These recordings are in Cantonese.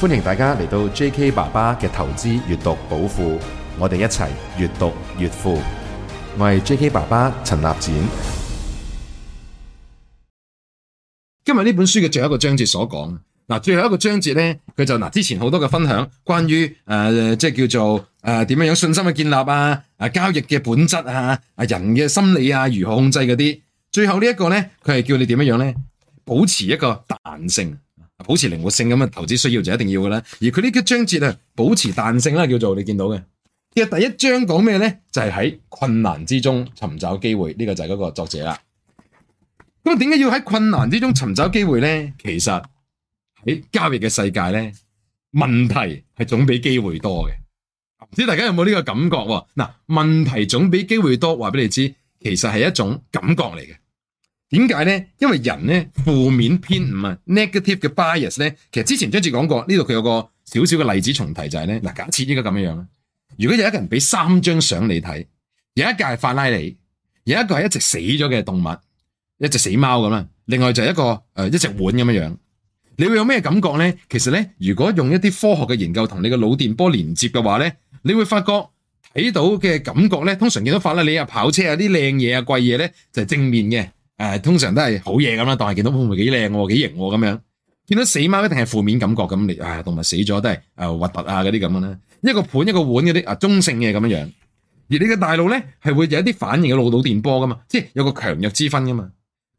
歡迎大家嚟到 J.K. 爸爸嘅投資閱讀寶庫，我哋一齊閱讀越富。我係 J.K. 爸爸陳立展。今日呢本書嘅最後一個章節所講，嗱最後一個章節呢，佢就嗱之前好多嘅分享，關於、呃、即係叫做誒點樣樣信心嘅建立啊，啊交易嘅本質啊，啊人嘅心理啊如何控制嗰啲，最後呢一個呢，佢係叫你點樣樣咧，保持一個彈性。保持靈活性，咁嘅投資需要就一定要嘅啦。而佢呢個章節啊，保持彈性啦，叫做你見到嘅。其實第一章講咩咧？就係喺困難之中尋找機會，呢個就係嗰個作者啦。咁點解要喺困難之中尋找機會咧？其實喺交易嘅世界咧，問題係總比機會多嘅。唔知大家有冇呢個感覺？嗱，問題總比機會多，話俾你知，其實係一種感覺嚟嘅。點解咧？因為人咧負面偏誤啊，negative 嘅 bias 咧，其實之前張志講過呢度佢有個少少嘅例子重提就係咧嗱，假設依家咁樣樣啦，如果有一個人俾三張相你睇，有一架係法拉利，有一個係一隻死咗嘅動物，一隻死貓咁啦，另外就係一個誒、呃、一隻碗咁樣樣，你會有咩感覺咧？其實咧，如果用一啲科學嘅研究同你嘅腦電波連接嘅話咧，你會發覺睇到嘅感覺咧，通常見到法拉利啊跑車啊啲靚嘢啊貴嘢咧就係、是、正面嘅。誒，通常都係好嘢咁啦，但係見到會唔會幾靚，幾型咁樣；見到死貓一定係負面感覺咁，同埋死咗都係誒，核突啊嗰啲咁樣啦。一個盤一個碗嗰啲啊，中性嘅咁樣樣。而你嘅大腦咧係會有一啲反應嘅腦腦電波噶嘛，即係有個強弱之分噶嘛。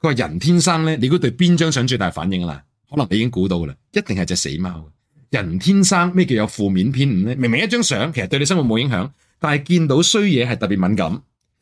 佢話人天生咧，你估對邊張相最大反應啦？可能你已經估到噶啦，一定係隻死貓。人天生咩叫有負面偏誤咧？明明一張相其實對你生活冇影響，但係見到衰嘢係特別敏感。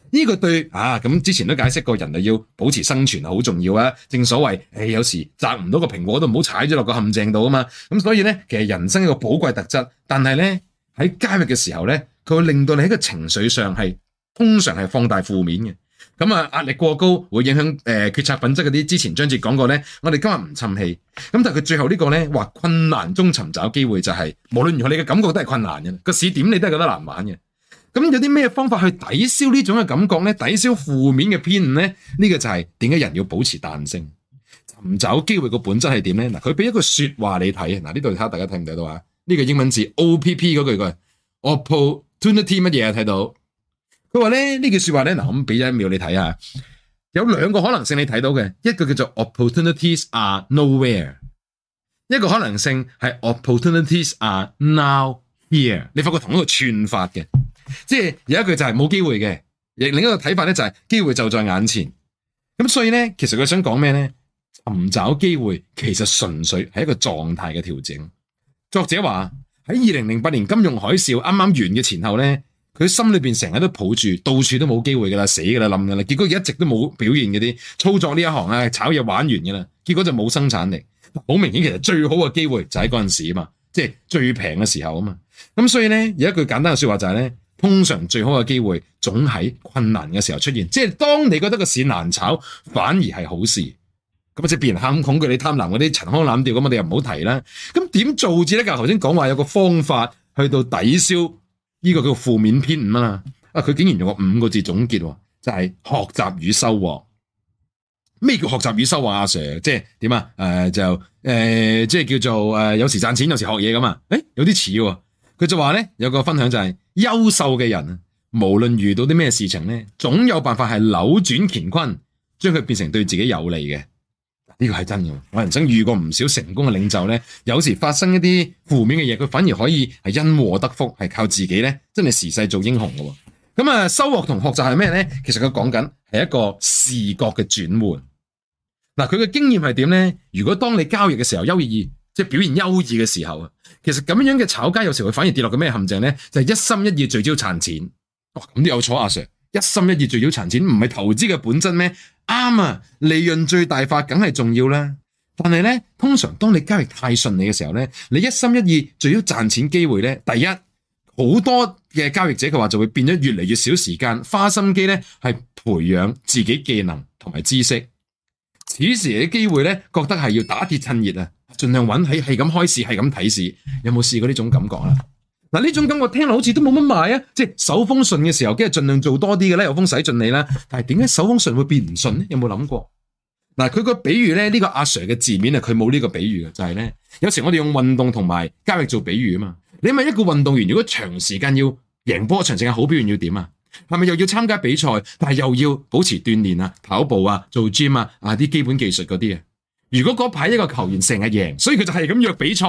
呢、這個對啊，咁之前都解釋過，人類要保持生存好重要啊。正所謂、哎，有時摘唔到個蘋果都唔好踩咗落個陷阱度啊嘛。咁所以呢，其實人生一個寶貴特質，但係呢，喺交易嘅時候呢，佢會令到你喺個情緒上係通常係放大負面嘅。咁啊，壓力過高會影響誒、呃、決策品質嗰啲。之前張節講過呢，我哋今日唔沉氣。咁但係佢最後呢個呢話困難中尋找機會就係、是，無論如何你嘅感覺都係困難嘅，個市點你都係覺得難玩嘅。咁有啲咩方法去抵消呢種嘅感覺咧？抵消負面嘅偏誤呢？咧？呢個就係點解人要保持彈性，尋找機會嘅本質係點咧？嗱，佢俾一個說話你睇嗱，呢度睇下大家睇唔睇到啊？呢、這個英文字 O P P 嗰句句 Opportunity 乜嘢？睇到佢話咧呢句、這個、說話咧嗱，咁俾咗一秒你睇下，有兩個可能性你睇到嘅，一個叫做 Opportunities are nowhere，一個可能性係 Opportunities are now here。你發覺同一個串法嘅。即係有一句就係冇機會嘅，亦另一個睇法咧就係機會就在眼前。咁所以咧，其實佢想講咩咧？尋找機會其實純粹係一個狀態嘅調整。作者話喺二零零八年金融海嘯啱啱完嘅前後咧，佢心裏邊成日都抱住，到處都冇機會噶啦，死噶啦，諗噶啦。結果一直都冇表現嗰啲操作呢一行啊，炒嘢玩完噶啦，結果就冇生產力。好明顯，其實最好嘅機會就喺嗰陣時啊嘛，即係最平嘅時候啊嘛。咁所以咧，有一句簡單嘅說話就係、是、咧。通常最好嘅機會總喺困難嘅時候出現，即係當你覺得個市難炒，反而係好事。咁或者別人喊恐懼、你貪婪嗰啲陳腔濫調，咁我哋又唔好提啦。咁點做字咧？就頭先講話有個方法去到抵消呢個叫負面偏誤吖嘛。啊，佢竟然用個五個字總結，就係、是、學習與收穫。咩叫學習與收穫阿 Sir，即係點啊？誒、呃，就誒、呃，即係叫做誒、呃，有時賺錢，有時學嘢咁嘛誒、欸，有啲似。佢就話咧有個分享就係、是。優秀嘅人，無論遇到啲咩事情咧，總有辦法係扭轉乾坤，將佢變成對自己有利嘅。呢個係真嘅。我人生遇過唔少成功嘅領袖咧，有時發生一啲負面嘅嘢，佢反而可以係因禍得福，係靠自己咧，真係時勢做英雄嘅。咁啊，收穫同學習係咩咧？其實佢講緊係一個視覺嘅轉換。嗱，佢嘅經驗係點咧？如果當你交易嘅時候優異，即係表現優異嘅時候啊！其實咁樣嘅炒家有時會反而跌落個咩陷阱咧？就係、是、一心一意聚焦賺錢。哇、哦，咁都有錯啊，Sir！一心一意聚焦賺錢唔係投資嘅本質咩？啱啊，利潤最大化梗係重要啦。但係咧，通常當你交易太順利嘅時候咧，你一心一意聚焦賺錢機會咧，第一好多嘅交易者嘅話就會變咗越嚟越少時間花心機咧，係培養自己技能同埋知識。此時嘅機會咧，覺得係要打鐵趁熱啊！盡量穩起係咁開始係咁睇市，有冇試過呢種感覺啦？嗱，呢種感覺聽落好似都冇乜賣啊！即係手風順嘅時候，梗係盡量做多啲嘅咧，有風使盡你啦。但係點解手風順會變唔順咧？有冇諗過？嗱，佢、這個、個比喻咧，呢個阿 Sir 嘅字面啊，佢冇呢個比喻嘅，就係、是、咧，有時候我哋用運動同埋交易做比喻啊嘛。你咪一個運動員，如果長時間要贏波長時間好表現要點啊？係咪又要參加比賽，但係又要保持鍛煉啊、跑步啊、做 gym 啊、啊啲基本技術嗰啲啊？如果嗰排一個球員成日贏，所以佢就係咁約比賽，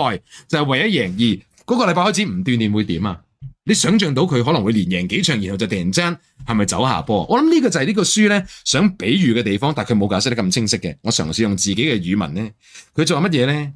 就係、是、為咗贏而嗰個禮拜開始唔鍛煉會點啊？你想象到佢可能會連贏幾場，然後就突然間係咪走下坡？我諗呢個就係呢個書呢，想比喻嘅地方，但佢冇解釋得咁清晰嘅。我嘗試用自己嘅語文呢，佢做乜嘢呢？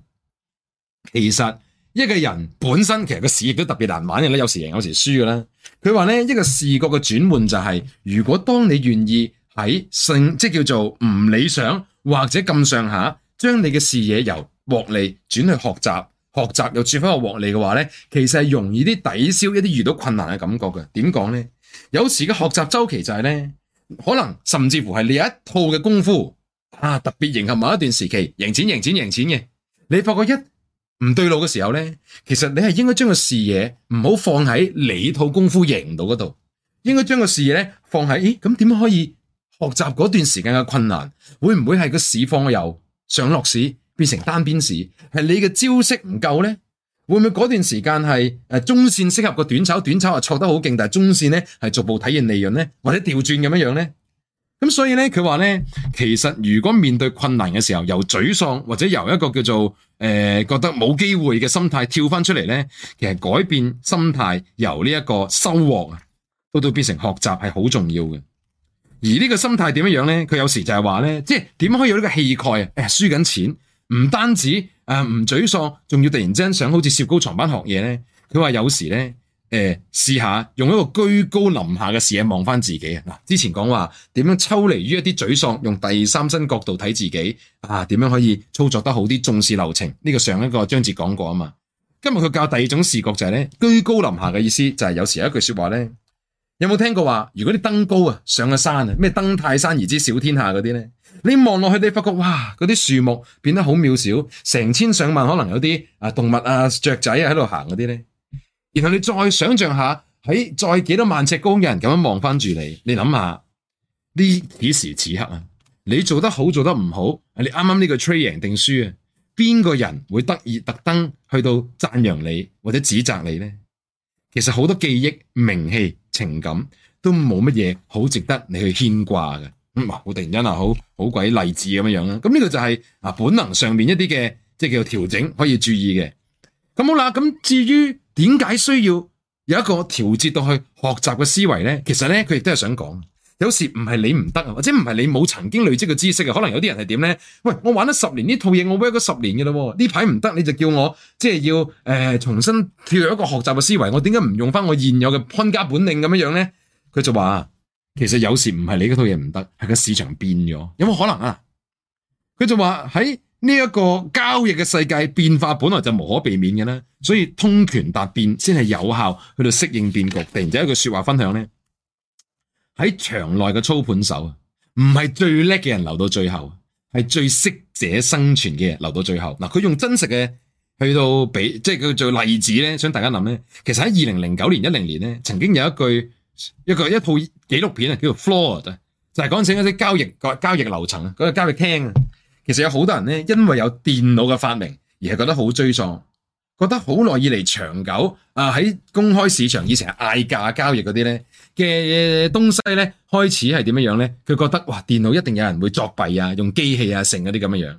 其實一個人本身其實個事業都特別難玩嘅，有時贏有時輸噶啦。佢話呢，一個視覺嘅轉換就係、是，如果當你願意喺性，即叫做唔理想或者咁上下。將你嘅視野由獲利轉去學習，學習又轉翻去獲利嘅話咧，其實係容易啲抵消一啲遇到困難嘅感覺嘅。點講咧？有時嘅學習周期就係咧，可能甚至乎係你一套嘅功夫啊，特別迎合某一段時期，贏錢、贏錢、贏錢嘅。你發覺一唔對路嘅時候咧，其實你係應該將個視野唔好放喺你套功夫贏到嗰度，應該將個視野咧放喺，咦咁點樣可以學習嗰段時間嘅困難，會唔會係個市況有？上落市變成單邊市，係你嘅招式唔夠呢？會唔會嗰段時間係誒中線適合個短炒，短炒啊挫得好勁，但係中線呢係逐步體現利潤呢？或者調轉咁樣樣咧，咁所以呢，佢話呢，其實如果面對困難嘅時候，由沮喪或者由一個叫做誒、呃、覺得冇機會嘅心態跳翻出嚟，呢，其實改變心態，由呢一個收穫啊，都都變成學習係好重要嘅。而呢個心態點樣呢？佢有時就係話呢，即係點可以有呢個氣概、哎、輸啊？輸緊錢唔單止誒唔沮喪，仲要突然之間想好似攝高床班學嘢呢。佢話有時呢，誒試下用一個居高臨下嘅視野望返自己啊！之前講話點樣抽離於一啲沮喪，用第三身角度睇自己啊，點樣可以操作得好啲，重視流程呢，這個上一個章節講過啊嘛。今日佢教第二種視角就係、是、呢：居高臨下嘅意思就係、是、有時有一句說話呢。有冇聽過話？如果你登高啊，上個山啊，咩登泰山而知小天下嗰啲呢？你望落去，你發覺哇，嗰啲樹木變得好渺小，成千上萬可能有啲動物啊、雀仔啊喺度行嗰啲呢。然後你再想象下喺再幾多萬尺高嘅人咁樣望返住你，你諗下呢幾時此刻啊？你做得好，做得唔好？你啱啱呢個 trade 贏定輸啊？邊個人會特意特登去到讚揚你或者指責你呢？其實好多記憶名氣。情感都冇乜嘢好值得你去牽掛嘅，咁啊好突然間啊好好鬼勵志咁樣樣啦，咁呢個就係啊本能上面一啲嘅即係叫做調整可以注意嘅，咁好啦，咁至於點解需要有一個調節到去學習嘅思維咧，其實咧佢亦都係想講。有時唔係你唔得啊，或者唔係你冇曾經累積嘅知識啊，可能有啲人係點咧？喂，我玩咗十年呢套嘢，我 work 咗十年嘅咯，呢排唔得，你就叫我即係要誒、呃、重新跳入一個學習嘅思維，我點解唔用翻我現有嘅潘家本領咁樣樣咧？佢就話，其實有時唔係你嗰套嘢唔得，係個市場變咗，有冇可能啊？佢就話喺呢一個交易嘅世界變化本來就無可避免嘅啦，所以通權達變先係有效去到適應變局。突然就有一句說話分享咧。喺場內嘅操盤手唔係最叻嘅人留到最後，係最適者生存嘅人留到最後。嗱，佢用真實嘅去到畀，即係叫做例子呢，想大家諗。咧，其實喺二零零九年一零年呢，曾經有一句一個一套紀錄片叫做《Floored》就係講緊嗰啲交易個交易樓層嗰個交易廳，其實有好多人呢，因為有電腦嘅發明而係覺得好沮喪。覺得好耐以嚟長久啊，喺公開市場以前係嗌價交易嗰啲咧嘅東西咧，開始係點樣樣咧？佢覺得哇，電腦一定有人會作弊啊，用機器啊，成嗰啲咁樣樣，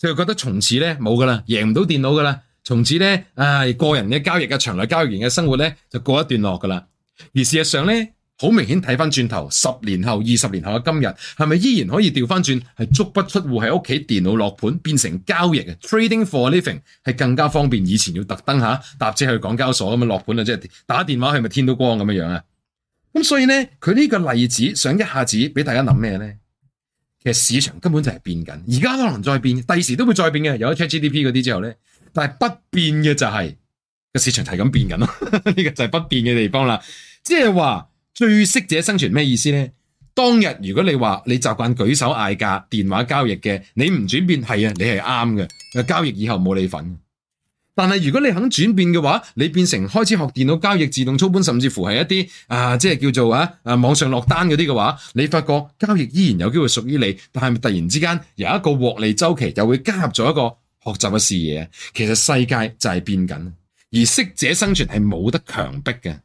佢就覺得從此咧冇噶啦，贏唔到電腦噶啦，從此咧唉，個人嘅交易嘅場內交易員嘅生活咧就過一段落噶啦，而事實上咧。好明顯睇翻轉頭，十年後、二十年後嘅今日，係咪依然可以掉翻轉？係足不出戶喺屋企電腦落盤，變成交易嘅 trading for living，係更加方便。以前要特登吓搭車去港交所咁樣落盤啊，即係打電話去咪天都光咁樣樣啊。咁所以咧，佢呢個例子想一下子俾大家諗咩咧？其實市場根本就係變緊，而家可能再變，第時都會再變嘅。有咗 ChatGPT 嗰啲之後咧，但係不變嘅就係個市場係咁變緊咯。呢個就係不變嘅地方啦，即係話。最適者生存咩意思呢？當日如果你話你習慣舉手嗌價、電話交易嘅，你唔轉變係啊，你係啱嘅交易以後冇你份。但係如果你肯轉變嘅話，你變成開始學電腦交易、自動操盤，甚至乎係一啲啊，即係叫做啊啊網上落單嗰啲嘅話，你發覺交易依然有機會屬於你，但係咪突然之間有一個獲利周期，又會加入咗一個學習嘅視野？其實世界就係變緊，而適者生存係冇得強迫嘅。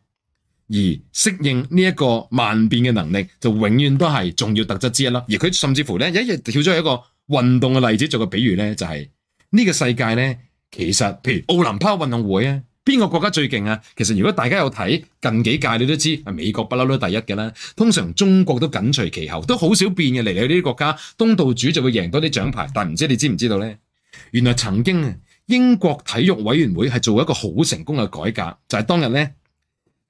而適應呢一個萬變嘅能力，就永遠都係重要特質之一啦。而佢甚至乎咧，一日跳咗一個運動嘅例子做個比喻咧，就係、是、呢個世界咧，其實譬如奧林匹克運動會啊，邊個國家最勁啊？其實如果大家有睇近幾屆，你都知啊，美國不嬲都第一嘅啦。通常中國都緊隨其後，都好少變嘅嚟。嚟呢啲國家東道主就會贏多啲獎牌，但唔知你知唔知道咧？原來曾經啊，英國體育委員會係做一個好成功嘅改革，就係、是、當日咧。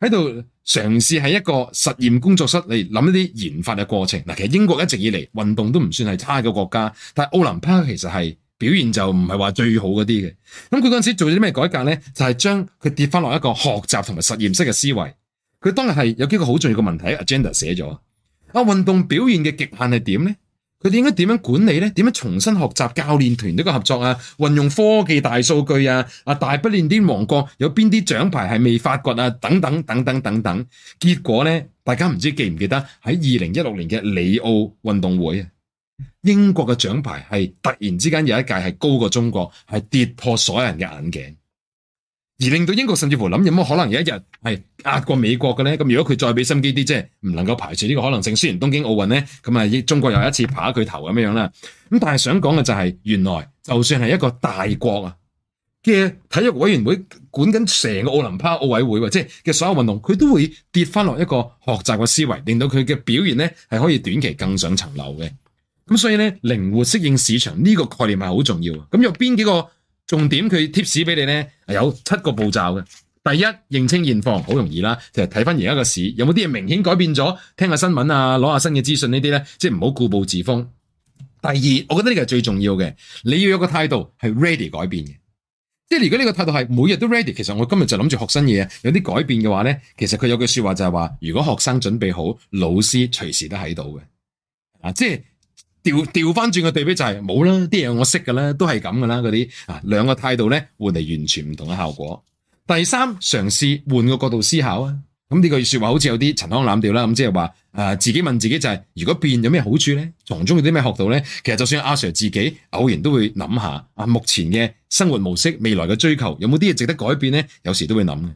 喺度嘗試喺一個實驗工作室嚟諗一啲研發嘅過程。嗱，其實英國一直以嚟運動都唔算係差嘅國家，但係奧林匹克其實係表現就唔係話最好嗰啲嘅。咁佢嗰陣時做咗啲咩改革咧？就係將佢跌翻落一個學習同埋實驗式嘅思維。佢當日係有幾個好重要嘅問題，agenda 寫咗啊。運動表現嘅極限係點咧？佢哋應該點樣管理咧？點樣重新學習教練團呢個合作啊？運用科技大數據啊？啊，大不列顛王國有邊啲獎牌係未發掘啊？等等等等等等，結果咧，大家唔知記唔記得喺二零一六年嘅里奧運動會啊，英國嘅獎牌係突然之間有一屆係高過中國，係跌破所有人嘅眼鏡。而令到英國甚至乎諗有冇可能有一日係壓過美國嘅咧？咁如果佢再俾心機啲，即係唔能夠排除呢個可能性。雖然東京奧運咧，咁啊中國又一次爬佢頭咁樣啦。咁但係想講嘅就係，原來就算係一個大國啊嘅體育委員會管緊成個奧林匹克奧委會，或者嘅所有運動，佢都會跌翻落一個學習嘅思維，令到佢嘅表現咧係可以短期更上層樓嘅。咁所以咧，靈活適應市場呢個概念係好重要啊。咁有邊幾個？重點佢 tips 俾你呢，有七個步驟嘅。第一，認清現況，好容易啦。就係睇翻而家個市，有冇啲嘢明顯改變咗？聽下新聞啊，攞下新嘅資訊呢啲呢，即係唔好固步自封。第二，我覺得呢個係最重要嘅。你要有個態度係 ready 改變嘅，即係如果呢個態度係每日都 ready，其實我今日就諗住學新嘢，有啲改變嘅話呢，其實佢有句說話就係話，如果學生準備好，老師隨時都喺度嘅。啊，即係。調返轉，個對比就係冇啦，啲嘢我識㗎啦，都係咁㗎啦。嗰啲兩個態度呢，換嚟完全唔同嘅效果。第三，嘗試換個角度思考啊，咁呢句說話好似有啲陳腔濫調啦，咁即係話自己問自己就係、是，如果變有咩好處呢？從中有啲咩學到呢？其實就算阿 Sir 自己偶然都會諗下啊，目前嘅生活模式，未來嘅追求有冇啲嘢值得改變呢？有時都會諗嘅。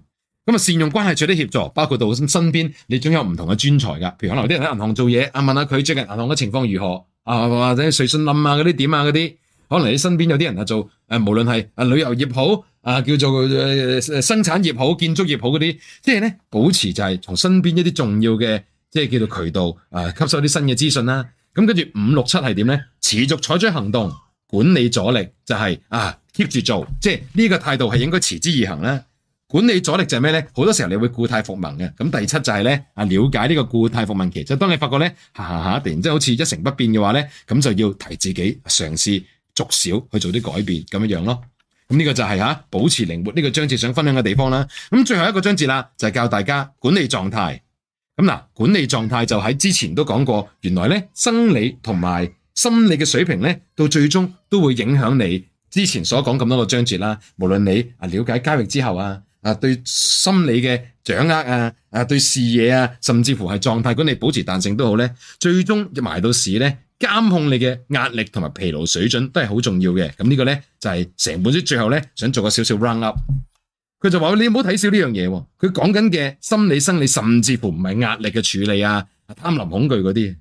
咁善用關係取得協助，包括到身邊你總有唔同嘅專才㗎。譬如可能有啲人喺銀行做嘢，問下佢最近銀行嘅情況如何。啊或者瑞信冧啊嗰啲點啊嗰啲，可能你身邊有啲人啊做，誒無論係啊旅遊業好，啊叫做誒誒生產業好，建築業好嗰啲，即係咧保持就係從身邊一啲重要嘅，即係叫做渠道啊吸收啲新嘅資訊啦，咁跟住五六七係點咧？持續採取行動，管理阻力就係啊 keep 住做，即係呢個態度係應該持之以恒啦。管理阻力就係咩呢？好多時候你會固態復萌嘅。咁第七就係呢，啊，了解呢個固態復萌期。就是、當你發覺呢，下下下突然即係好似一成不變嘅話呢，咁就要提自己嘗試逐少去做啲改變咁樣樣咯。咁呢個就係吓、啊、保持靈活呢個章節想分享嘅地方啦。咁最後一個章節啦，就係、是、教大家管理狀態。咁嗱，管理狀態就喺之前都講過，原來呢，生理同埋心理嘅水平呢，到最終都會影響你之前所講咁多個章節啦。無論你啊了解交易之後啊。啊，對心理嘅掌握啊，啊，對視野啊，甚至乎係狀態，管理保持彈性都好咧。最終埋到市咧，監控你嘅壓力同埋疲勞水準都係好重要嘅。咁呢個咧就係、是、成本書最後咧想做個少少 round up。佢就話你唔好睇少呢樣嘢，佢講緊嘅心理生理，甚至乎唔係壓力嘅處理啊，貪婪恐懼嗰啲。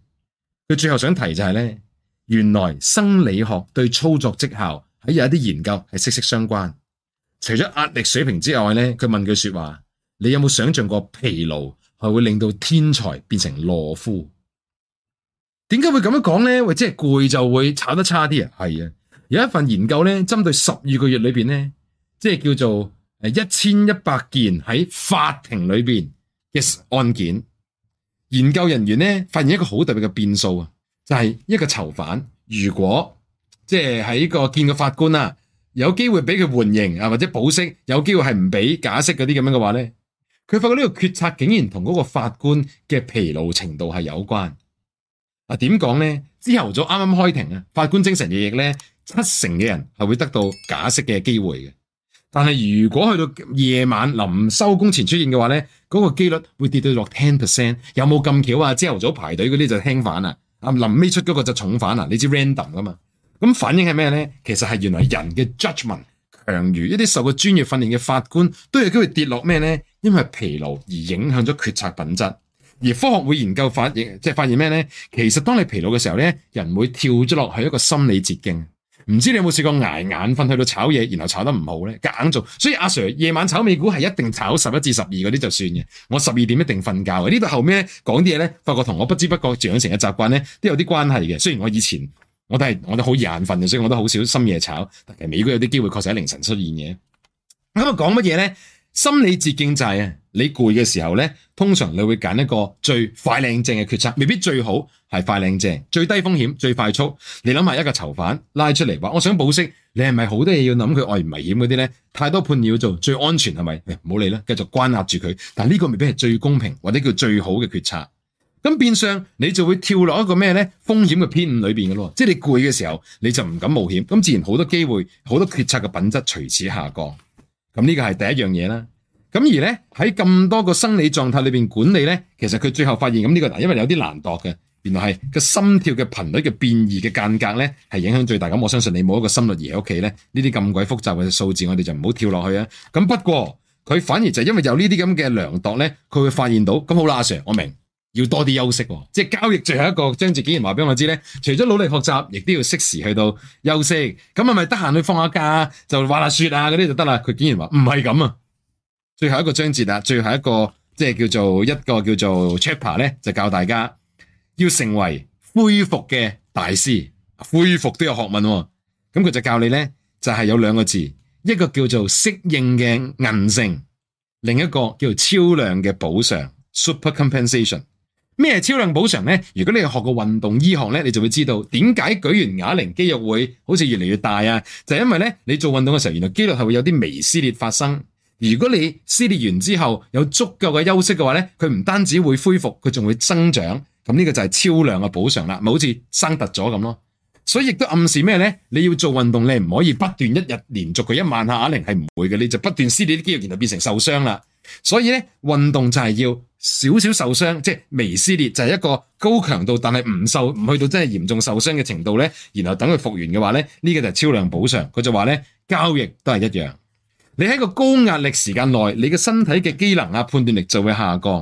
佢最後想提就係、是、咧，原來生理學對操作績效喺有一啲研究係息息相關。除咗壓力水平之外呢，佢問句說話：你有冇想象過疲勞係會令到天才變成懦夫？點解會咁樣講呢？或者係攰就會炒得差啲啊！係啊，有一份研究呢，針對十二個月裏邊呢，即係叫做一千一百件喺法庭裏邊嘅案件，研究人員呢發現一個好特別嘅變數啊，就係一個囚犯如果即係喺個見個法官啊。有機會俾佢緩刑或者保釋，有機會係唔俾假釋嗰啲咁樣嘅話呢，佢發覺呢個決策竟然同嗰個法官嘅疲勞程度係有關。啊點講呢？朝頭早啱啱開庭，法官精神奕奕呢，七成嘅人係會得到假釋嘅機會嘅。但係如果去到夜晚臨收工前出現嘅話呢嗰、嗰個機率會跌到落 ten percent。有冇咁巧啊？朝頭早排隊嗰啲就輕犯啊，臨尾出嗰個就重犯啊！你知 random 㗎嘛？咁反應係咩咧？其實係原來人嘅 judgement 強如一啲受過專業訓練嘅法官，都有機會跌落咩咧？因為疲勞而影響咗決策品質。而科學會研究發現，即係發現咩咧？其實當你疲勞嘅時候咧，人會跳咗落去一個心理捷徑。唔知你有冇試過挨眼瞓去到炒嘢，然後炒得唔好咧，夾硬做。所以阿 Sir 夜晚炒美股係一定炒十一至十二嗰啲就算嘅。我十二點一定瞓覺。呢度後尾講啲嘢咧，發覺同我不知不覺養成嘅習慣咧，都有啲關係嘅。雖然我以前。我都係，我都好眼瞓嘅，所以我都好少深夜炒。但係美國有啲機會確實喺凌晨出現嘅。咁啊講乜嘢咧？心理捷徑就係啊，你攰嘅時候咧，通常你會揀一個最快靚正嘅決策，未必最好係快靚正，最低風險最快速。你諗下一個囚犯拉出嚟話，我想保釋，你係咪好多嘢要諗佢外邊危險嗰啲咧？太多判斷要做，最安全係咪？誒、哎，唔好理啦，繼續關押住佢。但呢個未必係最公平或者叫最好嘅決策。咁變相你就會跳落一個咩咧？風險嘅偏誤裏邊嘅咯，即係你攰嘅時候你就唔敢冒險，咁自然好多機會好多決策嘅品質隨此下降。咁呢個係第一樣嘢啦。咁而咧喺咁多個生理狀態裏邊管理咧，其實佢最後發現咁呢個，因為有啲難度嘅，原來係個心跳嘅頻率嘅變異嘅間隔咧係影響最大。咁我相信你冇一個心率儀喺屋企咧，呢啲咁鬼複雜嘅數字我哋就唔好跳落去啊。咁不過佢反而就因為有呢啲咁嘅量度咧，佢會發現到咁好啦，阿 Sir，我明。要多啲休息喎，即係交易最後一個章節，竟然話俾我知咧，除咗努力學習，亦都要適時去到休息。咁係咪得閒去放下假，就滑雪啊嗰啲就得啦。佢竟然話唔係咁啊！最後一個章節啦，最後一個即係叫做一個叫做 chapter 咧，就教大家要成為恢復嘅大師。恢復都有學問喎，哦，咁佢就教你咧，就係、是、有兩個字，一個叫做適應嘅韌性，另一個叫做超量嘅補償 （super compensation）。咩係超量補償咧？如果你學過運動醫學咧，你就會知道點解舉完啞鈴肌肉會好似越嚟越大啊！就係、是、因為咧，你做運動嘅時候，原來肌肉係會有啲微撕裂發生。如果你撕裂完之後有足夠嘅休息嘅話咧，佢唔單止會恢復，佢仲會增長。咁呢個就係超量嘅補償啦，咪好似生突咗咁咯。所以亦都暗示咩咧？你要做運動，你唔可以不斷一日連續佢一萬下啞鈴係唔會嘅，你就不斷撕裂啲肌肉，然後變成受傷啦。所以咧，運動就係要。少少受傷，即係微撕裂，就係一個高強度，但係唔受唔去到真係嚴重受傷嘅程度呢，然後等佢復原嘅話呢，呢、呢個就係超量補償。佢就話呢，交易都係一樣。你喺個高壓力時間內，你嘅身體嘅機能啊、判斷力就會下降。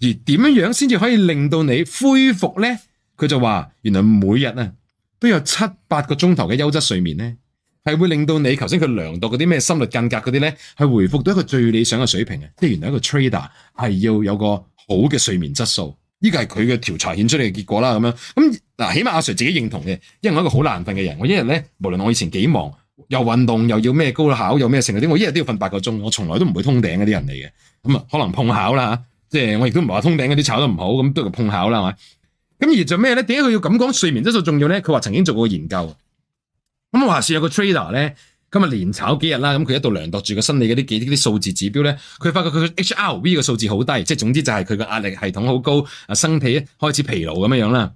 而點樣樣先至可以令到你恢復呢？佢就話原來每日啊都有七八個鐘頭嘅優質睡眠呢。係會令到你頭先佢量度嗰啲咩心率間隔嗰啲咧，係恢復到一個最理想嘅水平嘅。即係原來一個 trader 係要有個好嘅睡眠質素，呢個係佢嘅調查顯出嚟嘅結果啦。咁樣咁嗱，起碼阿 Sir 自己認同嘅，因為我係一個好難瞓嘅人，我一日咧，無論我以前幾忙，又運動又要咩高考又咩成嗰啲，我一日都要瞓八個鐘，我從來都唔會通頂嗰啲人嚟嘅。咁啊，可能碰巧啦，即係我亦都唔係話通頂嗰啲炒得唔好，咁都係碰巧啦係咪？咁而做咩咧？點解佢要咁講睡眠質素重要咧？佢話曾經做過研究。咁話說有個 trader 咧，今日連炒幾日啦，咁佢一度量度住個心理嗰啲幾啲數字指標咧，佢發覺佢個 HRV 嘅數字好低，即係總之就係佢個壓力系統好高，啊身體開始疲勞咁樣樣啦。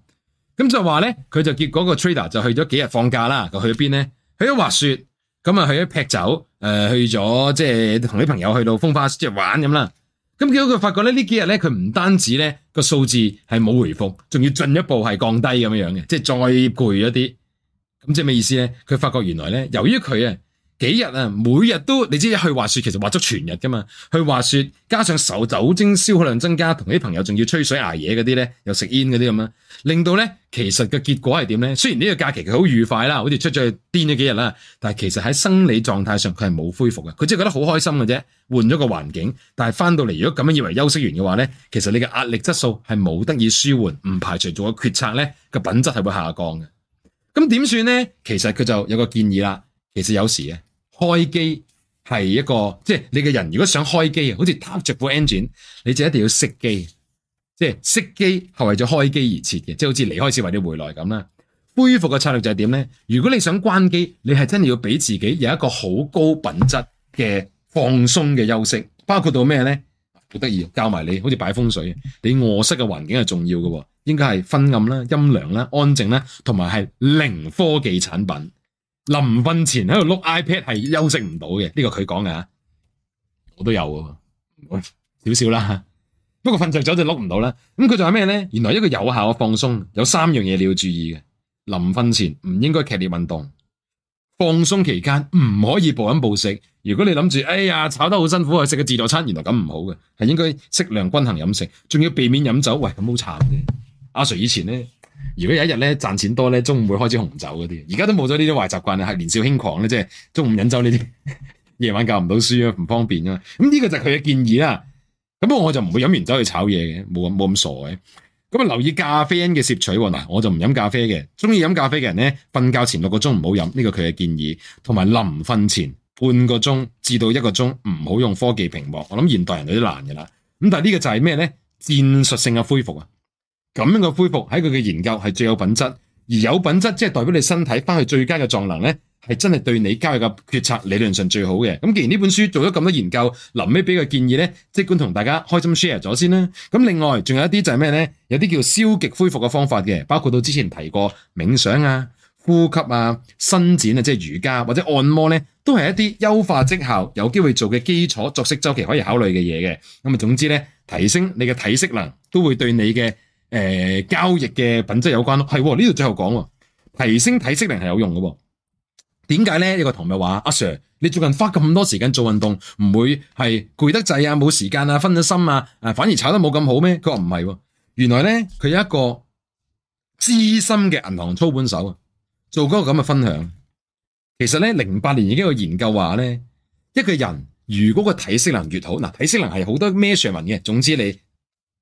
咁就話咧，佢就結果個 trader 就去咗幾日放假啦，佢去咗邊咧？去咗滑雪，咁啊去咗劈酒，誒、呃、去咗即係同啲朋友去到風花雪月，即係、玩咁啦。咁結果佢發覺咧呢幾日咧，佢唔單止咧個數字係冇回復，仲要進一步係降低咁樣樣嘅，即係再攰咗啲。咁即係咩意思咧？佢發覺原來咧，由於佢啊幾日啊，每日都你知去滑雪，其實滑咗全日噶嘛。去滑雪加上受酒精消耗量增加，同啲朋友仲要吹水挨夜嗰啲咧，又食煙嗰啲咁樣，令到咧其實嘅結果係點咧？雖然呢個假期佢好愉快啦，好似出咗去癲咗幾日啦，但係其實喺生理狀態上佢係冇恢復嘅。佢只係覺得好開心嘅啫，換咗個環境，但係翻到嚟如果咁樣以為休息完嘅話咧，其實你嘅壓力質素係冇得以舒緩，唔排除做嘅決策咧個品質係會下降嘅。咁點算呢？其實佢就有個建議啦。其實有時啊，開機係一個即係你嘅人，如果想開機啊，好似 tap 著部 engine，你就一定要熄機。即係熄機係為咗開機而設嘅，即係好似離開先，為你回來咁啦。恢復嘅策略就係點呢？如果你想關機，你係真係要俾自己有一個好高品質嘅放鬆嘅休息，包括到咩呢？好得意，教埋你好似擺風水，你卧室嘅環境係重要嘅。應該係昏暗啦、陰涼啦、安靜啦，同埋係零科技產品。臨瞓前喺度碌 iPad 係休息唔到嘅，呢個佢講嘅嚇，我都有喎，少少啦。不過瞓著就就碌唔到啦。咁佢就話咩咧？原來一個有效嘅放鬆有三樣嘢你要注意嘅。臨瞓前唔應該劇烈運動，放鬆期間唔可以暴飲暴食。如果你諗住，哎呀，炒得好辛苦去食個自助餐，原來咁唔好嘅，係應該適量均衡飲食，仲要避免飲酒。喂，咁好慘嘅～阿 Sir 以前咧，如果有一日咧賺錢多咧，中午會開支紅酒嗰啲，而家都冇咗呢啲壞習慣啦。係年少輕狂咧，即係中午飲酒呢啲， 夜晚教唔到書啊，唔方便啊。咁呢個就係佢嘅建議啦。咁不過我就唔會飲完酒去炒嘢嘅，冇咁冇咁傻嘅。咁啊留意咖啡因嘅攝取喎，嗱，我就唔飲咖啡嘅，中意飲咖啡嘅人咧，瞓覺前六個鐘唔好飲，呢個佢嘅建議。同埋臨瞓前半個鐘至到一個鐘唔好用科技屏幕，我諗現代人有啲難嘅啦。咁但係呢個就係咩咧？戰術性嘅恢復啊！咁樣嘅恢復喺佢嘅研究係最有品質，而有品質即係代表你身體返去最佳嘅狀態呢係真係對你交易嘅決策理論上最好嘅。咁既然呢本書做咗咁多研究，臨尾俾個建議呢，即管同大家開心 share 咗先啦。咁另外仲有一啲就係咩呢？有啲叫消極恢復嘅方法嘅，包括到之前提過冥想啊、呼吸啊、伸展啊，即係瑜伽或者按摩呢，都係一啲優化績效有機會做嘅基礎作息周期可以考慮嘅嘢嘅。總之呢提升你嘅體適能都會對你嘅。誒、呃，交易嘅品質有關咯、哦，係呢度最後講，提升體適能係有用嘅、哦。點解咧？呢、這個同學話：阿、啊、Sir，你最近花咁多時間做運動，唔會係攰得滯啊，冇時間啊，分咗心啊，啊反而炒得冇咁好咩？佢話唔係，原來咧佢有一個資深嘅銀行操盤手啊，做嗰個咁嘅分享。其實咧，零八年已經有研究話咧，一個人如果個體適能越好，嗱體適能係好多咩學問嘅，總之你。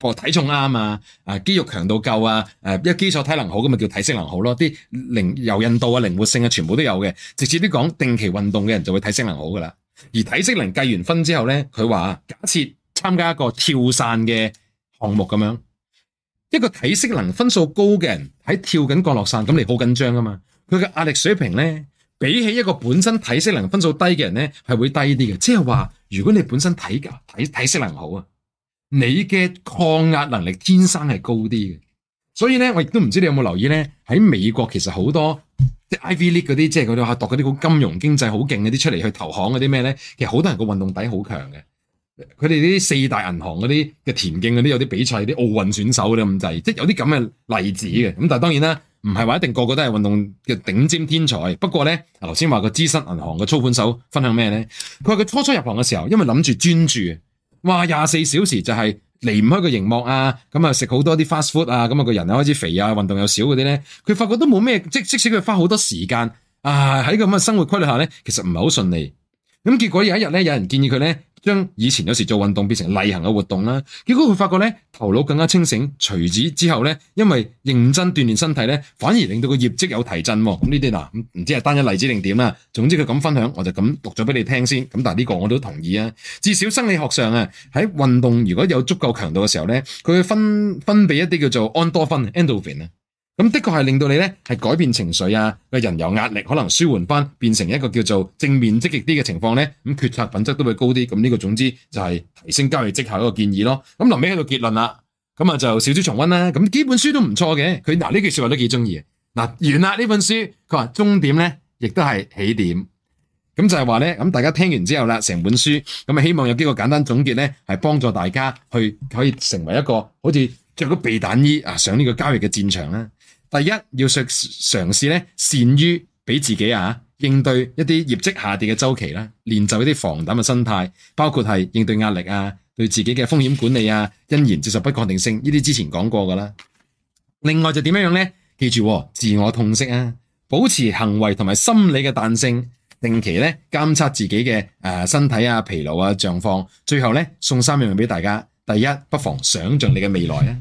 哦，體重啱啊！啊，肌肉強度夠啊！誒，一基礎體能好咁咪叫體適能好咯。啲靈柔韌度啊、靈活性啊，全部都有嘅。直接啲講，定期運動嘅人就會體適能好噶啦。而體適能計完分之後咧，佢話假設參加一個跳傘嘅項目咁樣，一個體適能分數高嘅人喺跳緊降落傘咁你，好緊張啊嘛。佢嘅壓力水平咧，比起一個本身體適能分數低嘅人咧，係會低啲嘅。即係話，如果你本身體體體適能好啊。你嘅抗壓能力天生係高啲嘅，所以咧，我亦都唔知你有冇留意咧，喺美國其實好多即係 Ivy League 嗰啲即係佢哋學讀嗰啲好金融經濟好勁嗰啲出嚟去投行嗰啲咩咧，其實好多人個運動底好強嘅，佢哋啲四大銀行嗰啲嘅田徑嗰啲有啲比賽啲奧運選手咁滯，即係有啲咁嘅例子嘅。咁但係當然啦，唔係話一定個個都係運動嘅頂尖天才。不過咧，頭先話個資深銀行嘅操盤手分享咩咧？佢話佢初初入行嘅時候，因為諗住專注。哇！廿四小時就係離唔開個熒幕啊，咁啊食好多啲 fast food 啊，咁啊個人又開始肥啊，運動又少嗰啲咧，佢發覺都冇咩，即即使佢花好多時間啊喺咁嘅生活規律下咧，其實唔係好順利。咁結果有一日咧，有人建議佢咧。將以前有時做運動變成例行的活動啦，結果佢發覺呢，頭腦更加清醒。隨之之後呢，因為認真鍛煉身體呢，反而令到個業績有提振。咁呢啲嗱，唔知係單一例子定點啦。總之佢咁分享，我就咁讀咗俾你聽先。咁但係呢個我都同意啊。至少生理學上啊，喺運動如果有足夠強度嘅時候呢，佢會分分泌一啲叫做安多芬 endorphin 啊。Endorphin, 咁的確係令到你咧係改變情緒啊，個人有壓力可能舒緩返，變成一個叫做正面積極啲嘅情況咧。咁、嗯、決策品質都會高啲。咁呢個總之就係提升交易績效一個建議咯。咁臨尾喺度結論啦，咁啊就少少重溫啦。咁基本書都唔錯嘅。佢嗱呢句說話都幾鍾意。嗱、呃、完啦呢本書，佢話終點咧亦都係起點。咁就係話咧，咁大家聽完之後啦，成本書咁啊，希望有幾個簡單總結咧，係幫助大家去可以成為一個好似着個避彈衣啊，上呢個交易嘅戰場啦。第一要嘗試善於俾自己應對一些業績下跌的周期啦，練習一些防彈的心態，包括係應對壓力對自己的風險管理啊，欣然接受不確定性，這些之前講過的啦。另外就點樣樣咧？記住自我痛惜啊，保持行為和心理的彈性，定期呢監測自己的身體啊疲勞啊狀況。最後呢送三樣給大家：第一，不妨想象你的未來。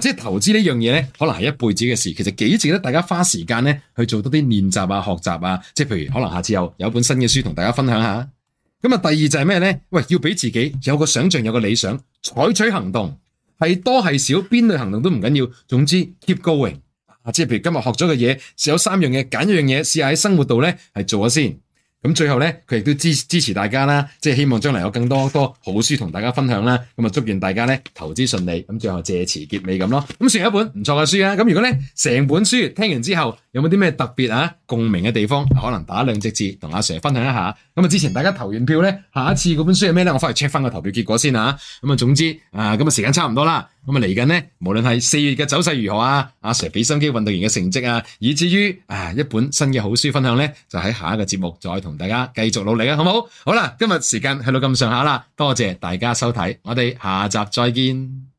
即是投資呢樣嘢可能係一輩子嘅事。其實幾值得大家花時間去做多啲練習啊、學習啊。即譬如，可能下次有有一本新嘅書同大家分享下。咁第二就係咩呢？喂，要俾自己有個想象，有個理想，採取行動，係多係少，邊類行動都唔緊要，總之 keep going。即譬如今日學咗嘅嘢，有三樣嘢，揀一樣嘢試下喺生活度呢係做咗先。咁最後咧，佢亦都支支持大家啦，即係希望將來有更多多好書同大家分享啦。咁啊，祝願大家咧投資順利。咁最後借詞結尾咁咯。咁算係一本唔錯嘅書啊。咁如果咧成本書聽完之後有有，有冇啲咩特別啊共鳴嘅地方？可能打兩隻字同阿 Sir 分享一下。咁啊，之前大家投完票咧，下一次嗰本書係咩咧？我翻去 check 翻個投票結果先吓。咁啊，總之啊，咁啊時間差唔多啦。咁啊嚟緊咧，無論係四月嘅走勢如何啊，阿 Sir 俾心機運動員嘅成績啊，以至於啊一本新嘅好書分享咧，就喺下一個節目再同大家繼續努力啊，好唔好？好啦，今日時間去到咁上下啦，多謝大家收睇，我哋下集再見。